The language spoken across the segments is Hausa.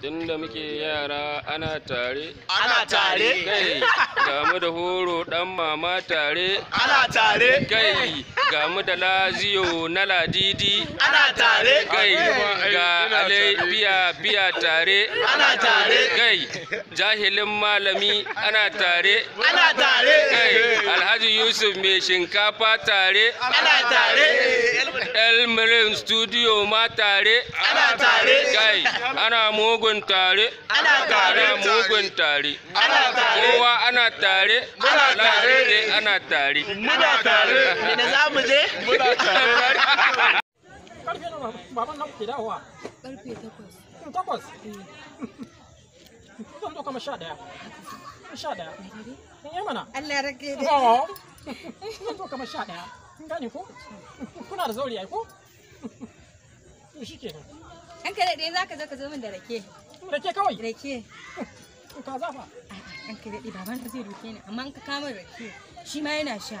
Tunda muke yara ana tare. Ana tare. Kai, gamu da horo ɗan mama tare. Ana tare. Kai, gamu da laziyo na ladidi. Ana tare. Kai, ga alai biya biya tare ana tare kai jahilin malami ana tare ana tare kai alhaji yusuf mai shinkafa tare ana tare elmarin studio ma tare ana tare kai ana mugun tare ana tare mugun tare ana tare kowa ana tare ana tare ana tare muna tare ne za mu je muna tare baban nan ke dawowa Karfe takwas. Takwas? Eh. Zan zo kama sha Sha Yi eh, eh, mana. Allah rage da. Zan zo kama sha Gani ko? Kuna da zauri ai ko? To shi An kare za ka zo ka zo min da rake. Rake kawai? Rake. Ka zafa. An kare baban zai roke ni amma an ka kama rake shi ma yana sha.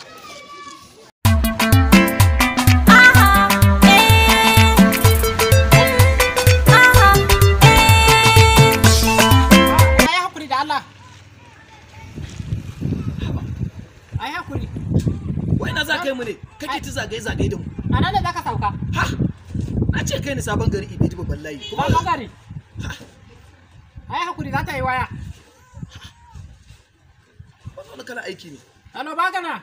Allah ai hakuri wai na za ka yi mu ne kake ta zagaye zagaye da mu a nan da za ka sauka ha na ce kai ni sabon gari ibidi babban layi gari ai hakuri za ta yi waya wani kala aiki ne a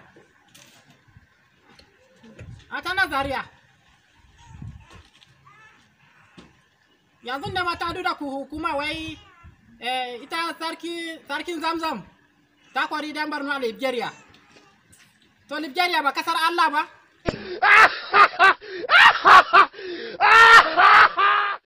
yanzu da mata da ku hukuma wai Eh, ita sarkin zamzam ta kwari dan barno nigeria To nigeria ba kasar Allah ba?